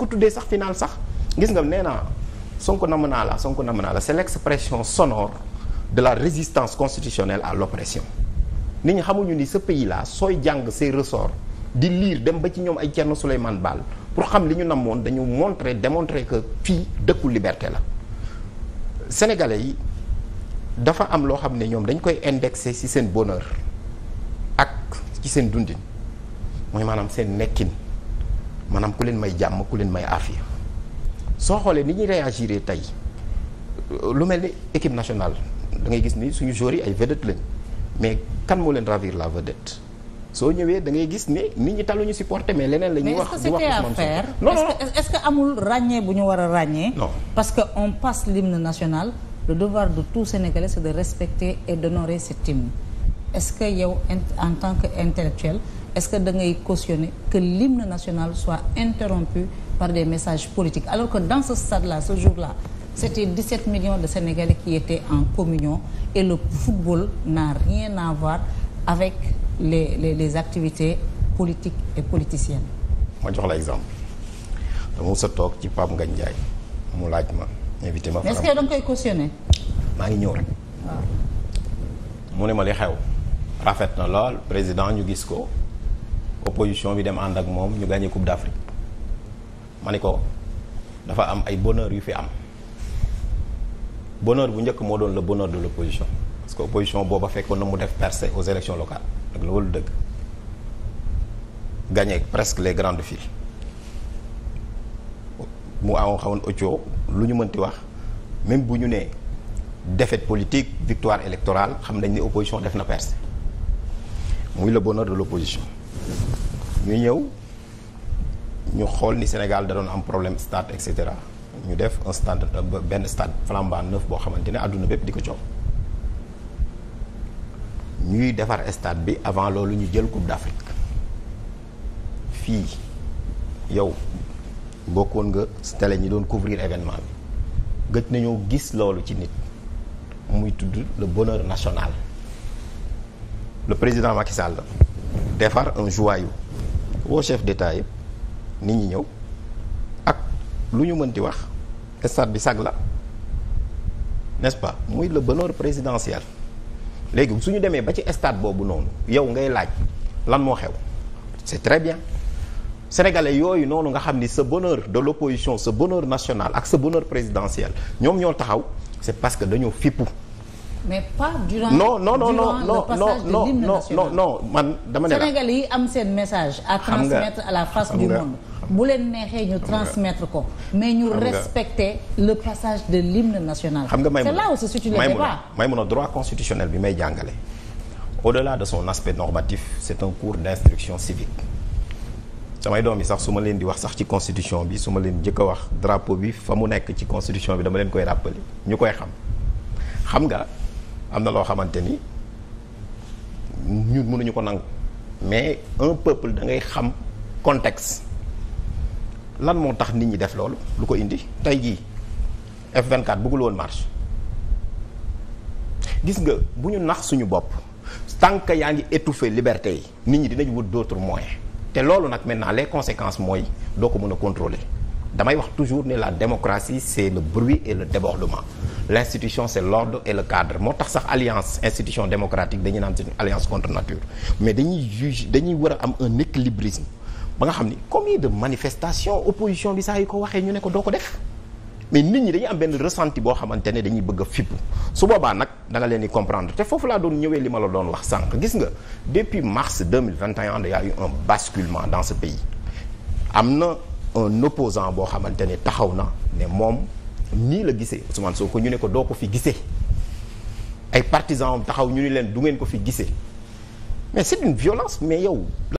ku tuddee sax final sax gis nga nee naa Sonko namm naa la Sonko namm naa la c'est l'expression sonore de la résistance constitutionnelle à l'oppression nit ñi xamuñu ni ce pays là sooy jàng ses ressorts di liir dem ba ci ñoom ay Thierno Souleymane Baal pour xam li ñu namoon dañu montrer démontrer que fii dëkku liberté la sénégalais yi dafa am loo xam ne ñoom dañ koy indexer ci seen bonheur ak ci seen dundin mooy maanaam seen nekkin maanaam ku leen may jàmm ku leen may aafiya soo xoolee ni ñuy réagir tey lu mel ni équipe nationale da ngay gis ni suñu joueurs yi ay vedette lañ mais kan moo leen ravir la vedette soo ñëwee da ngay gis ne nit ñi ñu supporté mais leneen la ñuy wax. di wax Ousmane Sonko non non ce que amul ràññee bu ñu war a ràññee. non parce que on passe l'hymne national le devoir de tout Sénégalais c'est de respecter et d'honorer cet hymne est ce que yow en tant que intellectuel est-ce que da ngay cautionner que l'hymne national soit interrompu par des messages politiques alors que dans ce stade-là ce jour-là c'était 17 millions de Sénégalais qui étaient en communion et le football n'a rien à voir avec les les, les activités politiques et politiciennes. ma jox la exemple dama mës a toog ci Pape Ngagne Ndiaye mu laaj ma invité ma. est que da koy cautionner. maa ngi ñëw rek. waaw ah. mu ne ma li xew. rafet na lool président ñu gis ko opposition bi dem ànd ak moom ñu gagné coupe d'Afrique ma ni ko dafa am ay bonheur yu fi am bonheur bu njëkk moo doon la bonheur de l'opposition parce que opposition booba fekkoon na mu def percée aux élections locales ak loolu dëgg gagné presque les grandes files mu amoon xawoon occoo lu ñu mënti wax même bu ñu nee defet politique victoire électorale xam nañ ni opposition def na percée muy le bonheur de l'opposition ñu ñëw ñu xool ni Sénégal da am problème stade et cetera ñu def un stade benn stade flambant neuf boo xamante ni àdduna bépp di ko coow ñuy defar stade bi avant loolu ñu jël coupe d'Afrique fii yow bokkoon nga télé ñi doon couvrir événement bi gëj nañoo gis loolu ci nit muy tudd le bonheur national le président Macky Sall defar un yu woo chef d'état yëpp nit ñi ñëw ak lu ñu mën di wax stade bi sag la n'est-ce pas muy le bonheur présidentiel léegi su ñu demee ba ci stade boobu noonu yow ngay laaj lan moo xew c'est très bien sénégalais yooyu noonu nga xam ni sa bonheur de l'opposition sa bonheur nationale ak sa bonheur présidentiel ñoom ñoo taxaw c'est parce que dañoo fippu mais pas durant non non non non non non non non non man dama ne la Sénégalais yi am seen message. à transmettre à la face du monde. bu leen neexee ñu transmettre ko. mais ñu respecter le passage de l'hymne national. xam nga Maïmouna c'est là où se situe le débat Maïmouna droit constitutionnel bi may jàngale. au-delà de son aspect normatif c'est un cours d'instruction civique. samay doom yi sax su ma leen di wax sax ci constitution bi su ma leen jëkk a wax drapeau bi fa mu nekk ci constitution bi dama leen koy rappeler ñu koy xam xam nga. am na loo xamante ni ñu ñun mënuñu ko nangu mais un peuple da ngay xam contexte lan moo tax nit ñi def loolu lu ko indi tey jii F24 bëggul woon marche gis nga bu ñu nax suñu bopp tant yaa ngi étouffer liberté yi nit ñi dinañ wut d'autres moyens te loolu nag maintenant les conséquences mooy doo ko mën a contrôler damay wax toujours ne la démocratie c'est le bruit et le débordement l'institution c'est l'ordre et le cadre moo tax sax alliance institution démocratique dañuy naan c'est une alliance contre nature mais dañuy juge dañuy war a am un équilibrisme ba nga xam ni combien de manifestations opposition bi sax yu ko waxee ñu ne ko doo ko def mais nit ñi dañuy am benn ressenti boo xamante ne dañuy bëgg a fippu su boobaa nag da leen di comprendre te foofu laa doon ñëwee li ma la doon wax sànq gis nga depuis mars 2021 y a eu un basculement dans ce pays am na un opposant boo xamante ne taxaw na ne moom nii la gisee soo ko ñu ne ko doo ko fi gisee ay partisans am taxaw ñu ni leen du ngeen ko fi gisee mais c'est une violence mais yow.